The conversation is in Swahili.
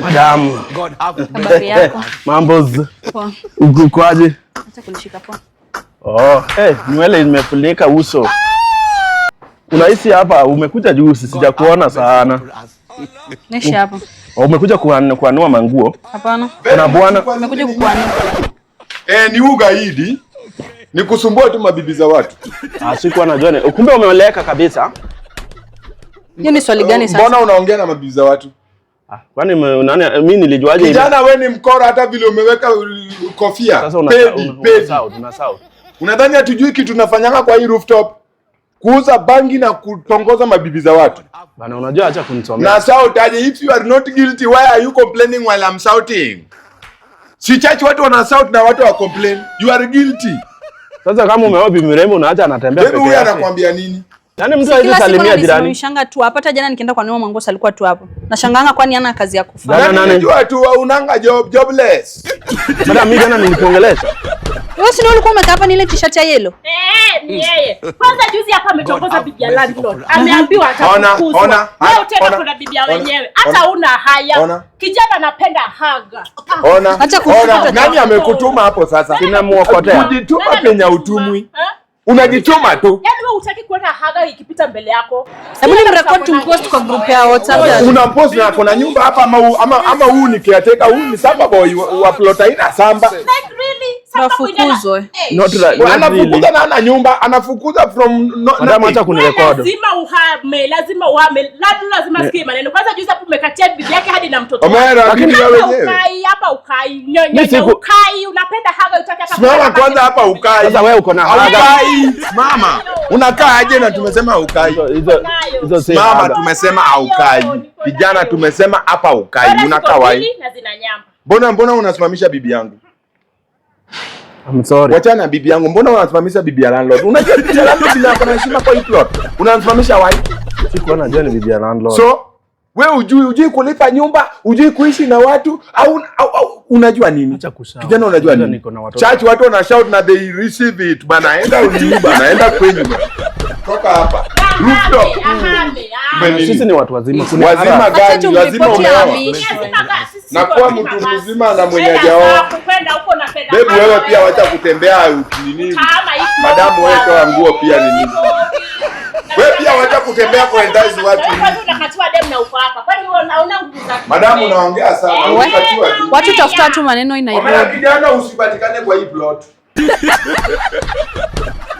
Madam. God yako? Mambo, kwaje? Oh, hey, nywele imefunika uso. Ah! Unahisi hapa umekuja juu, sija kuona sana. Nishi hapa. Oh, umekuja kuanua manguo? Hapana. Kuna bwana. Umekuja kukuanua. Eh, ni ugaidi. Ni kusumbua tu mabibi za watu. Ah, sikuwa najua. Kumbe umeoleka kabisa. Hiyo ni swali gani sasa? Mbona unaongea na mabibi za watu? Ah, kwani mimi nilijuaje? Kijana wewe ni mkora, hata vile umeweka uh, kofia. Pedi, pedi. una sound. Unadhani hatujui kitu tunafanyanga kwa hii rooftop? Kuuza bangi na kutongoza mabibi za watu. Bana, unajua acha kunisomea. Na shout aje, if you are not guilty why are you complaining while I'm shouting? Si chachi watu wana shout na watu wa complain. You are guilty. Sasa kama umeoa bibi mrembo unaacha anatembea peke yake. Wewe anakuambia nini? Yaani mtu hawezi salimia jirani. Nishanga tu hapa jana nikienda kwa Neema Mwangosa alikuwa tu hapo. Nashanganga kwani hana kazi ya kufanya. Yaani, yaani unajua tu unanga job jobless. Madam mimi jana nilikuongelesha. Wewe si ulikuwa umekaa hapa ni ile t-shirt ya yellow? Eh, eh ni yeye. Kwanza juzi hapa ametongoza bibi ya landlord. Ameambiwa atakufukuzwa. Ona, ona. Leo tena kuna bibi ya wenyewe. Hata una haya. Ona. Kijana anapenda haga. Ona. Hata Ona. Nani amekutuma hapo sasa? Inamuokotea. Kujitua Kenya utumwi. Eh? Unajichoma tu. Yaani wewe hutaki kuona haga ikipita mbele yako. Hebu ni yaani record tu post kwa group ya WhatsApp. Una post na kuna nyumba hapa ama ama huu ni caretaker, huu ni samba boy wa plot aina samba anafukuza na ana nyumba anafukuza from acha Lazima uhame, lazima uhame, lazima sikie maneno kwanza. Juzi hapo umekatia bibi yake hadi na mtoto ukai hapa, ukai ukai unapenda haga, kwanza hapa, ukai. Sasa wewe uko na haga, mama unakaa aje? Na tumesema ukai, mama tumesema aukai vijana oh, tumesema hapa ukai, unakaa Mbona mbona unasimamisha bibi yangu? I'm sorry. Wacha na bibi yangu. Mbona unasimamisha bibi ya landlord? Unajua bibi ya landlord bila kuna heshima kwa hii plot. Unasimamisha wapi? Sikuwa najua ni bibi ya landlord. So wewe ujui ujui kulipa nyumba, ujui kuishi na watu au, au, au unajua nini? Acha Kijana unajua nini? Church watu wana shout na they receive it. Bana enda uliu bana enda kwenyu. Toka hapa. Rufio. Sisi ni watu wazima. Kuna wazima gani? Lazima umeoa. Na kuwa mtu mzima na mwenye hajaoa. Bebu wewe pia wacha kutembea ukinini. Madamu wewe toa nguo pia nini. Wewe pia wacha kutembea kwa ndazi watu. Kwani Kwani unakatiwa demu na uko hapa? unaona nguvu zako? Madamu unaongea sana. Eh, watu tafuta tu maneno inaibeba. Kijana usipatikane kwa hii plot.